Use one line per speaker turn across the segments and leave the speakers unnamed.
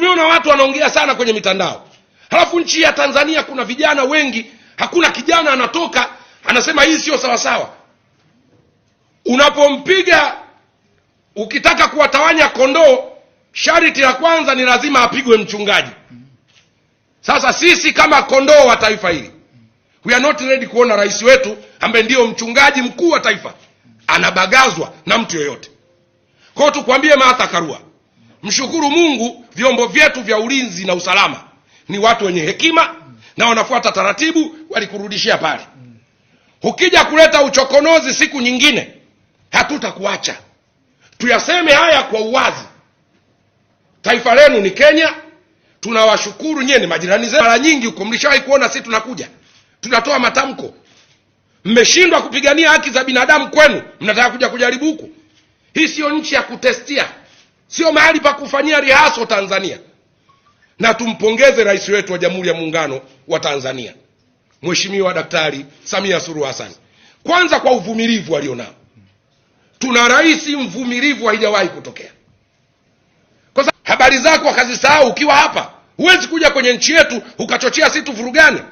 tumeona watu wanaongea sana kwenye mitandao, halafu nchi ya Tanzania kuna vijana wengi, hakuna kijana anatoka anasema hii sio sawasawa. Unapompiga ukitaka kuwatawanya kondoo, sharti la kwanza ni lazima apigwe mchungaji. Sasa sisi kama kondoo wa taifa hili, we are not ready kuona rais wetu ambaye ndiyo mchungaji mkuu wa taifa anabagazwa na mtu yoyote. Kwa hiyo tukwambie Martha Karua Mshukuru Mungu, vyombo vyetu vya ulinzi na usalama ni watu wenye hekima na wanafuata taratibu, walikurudishia pale. Ukija kuleta uchokonozi siku nyingine, hatutakuacha. Tuyaseme haya kwa uwazi. Taifa lenu ni Kenya, tunawashukuru nyie, ni majirani zetu. Mara nyingi huko mlishawahi kuona sisi tunakuja tunatoa matamko. Mmeshindwa kupigania haki za binadamu kwenu, mnataka kuja kujaribu huku. Hii siyo nchi ya kutestia sio mahali pa kufanyia rihaso Tanzania. Na tumpongeze rais wetu wa Jamhuri ya Muungano wa Tanzania Mheshimiwa Daktari Samia Suluhu Hassan, kwanza kwa uvumilivu alionao. Tuna rais mvumilivu, haijawahi kutokea. Kwa sababu habari zako wakazisahau ukiwa hapa, huwezi kuja kwenye nchi yetu ukachochea sisi tuvurugane.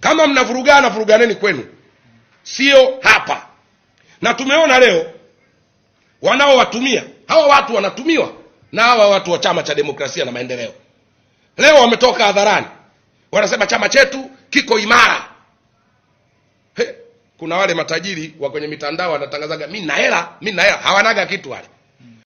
Kama mnavurugana, vuruganeni kwenu, sio hapa. Na tumeona leo wanaowatumia hawa watu wanatumiwa na hawa watu wa chama cha demokrasia na maendeleo. Leo wametoka hadharani wanasema chama chetu kiko imara. He, kuna wale matajiri wa kwenye mitandao wanatangazaga mi na hela, mi na hela, hawanaga kitu wale